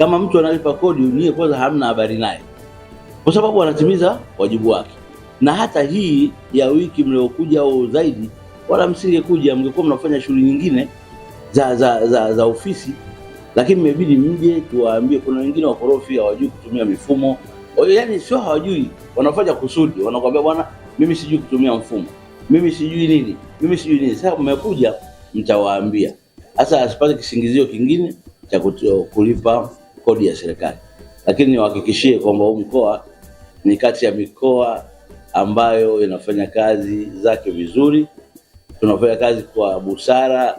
Kama mtu analipa kodi, nyie kwanza hamna habari naye, kwa sababu anatimiza wajibu wake. Na hata hii ya wiki mliokuja au zaidi, wala msingekuja, mngekuwa mnafanya shughuli nyingine za, za, za, za ofisi, lakini imebidi mje tuwaambie. Kuna wengine wakorofi hawajui kutumia mifumo, yani sio hawajui, wanafanya kusudi, wanakuambia bwana, mimi sijui kutumia mfumo, mimi sijui nini, mimi sijui nini. Sasa mmekuja, mtawaambia. Sasa asipate kisingizio kingine cha kulipa kodi ya serikali, lakini niwahakikishie kwamba huu mkoa ni kati ya mikoa ambayo inafanya kazi zake vizuri. Tunafanya kazi kwa busara,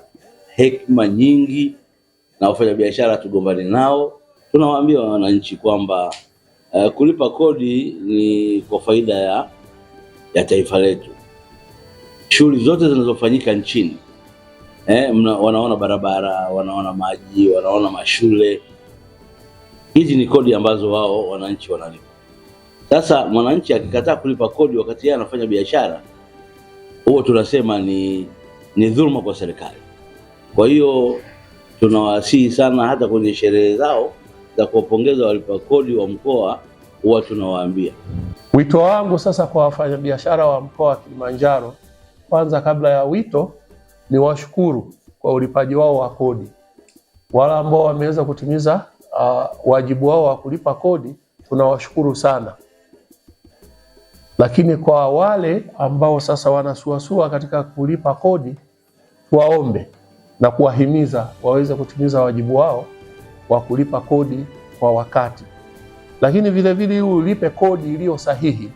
hekima nyingi, na wafanyabiashara tugombane nao. Tunawaambia wananchi kwamba uh, kulipa kodi ni kwa faida ya, ya taifa letu. Shughuli zote zinazofanyika nchini eh, mna, wanaona barabara, wanaona maji, wanaona mashule Hizi ni kodi ambazo wao wananchi wanalipa. Sasa mwananchi akikataa kulipa kodi wakati yeye anafanya biashara, huo tunasema ni, ni dhuluma kwa serikali. Kwa hiyo tunawasihi sana, hata kwenye sherehe zao za kuwapongeza walipa kodi wa mkoa huwa tunawaambia. Wito wangu sasa kwa wafanyabiashara wa mkoa wa Kilimanjaro, kwanza kabla ya wito ni washukuru kwa ulipaji wao wa kodi, wala ambao wameweza kutimiza uh, wajibu wao wa kulipa kodi, tunawashukuru sana. Lakini kwa wale ambao sasa wanasuasua katika kulipa kodi, tuwaombe na kuwahimiza waweze kutimiza wajibu wao wa kulipa kodi kwa wakati. Lakini vilevile ili ulipe kodi iliyo sahihi,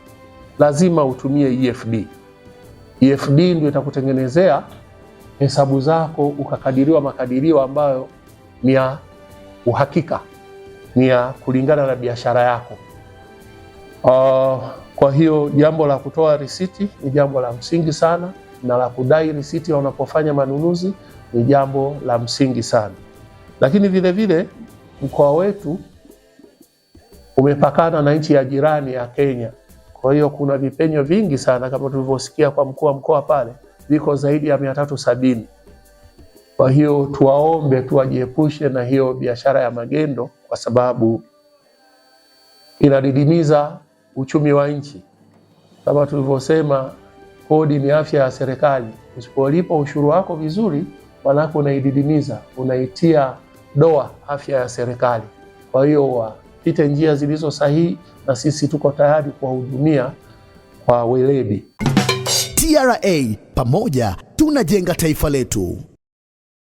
lazima utumie EFD. EFD ndio itakutengenezea hesabu zako ukakadiriwa makadirio ambayo ni ya uhakika ni ya kulingana na biashara yako. Uh, kwa hiyo jambo la kutoa risiti ni jambo la msingi sana na la kudai risiti unapofanya manunuzi ni jambo la msingi sana. Lakini vilevile mkoa wetu umepakana na nchi ya jirani ya Kenya. Kwa hiyo kuna vipenyo vingi sana kama tulivyosikia kwa mkuu wa mkoa pale, viko zaidi ya mia tatu sabini. Kwa hiyo tuwaombe, tuwajiepushe na hiyo biashara ya magendo, kwa sababu inadidimiza uchumi wa nchi. Kama tulivyosema, kodi ni afya ya serikali. Usipolipa ushuru wako vizuri, manake unaididimiza, unaitia doa afya ya serikali. Kwa hiyo wapite njia zilizo sahihi, na sisi tuko tayari kuwahudumia kwa weledi. TRA, pamoja tunajenga taifa letu.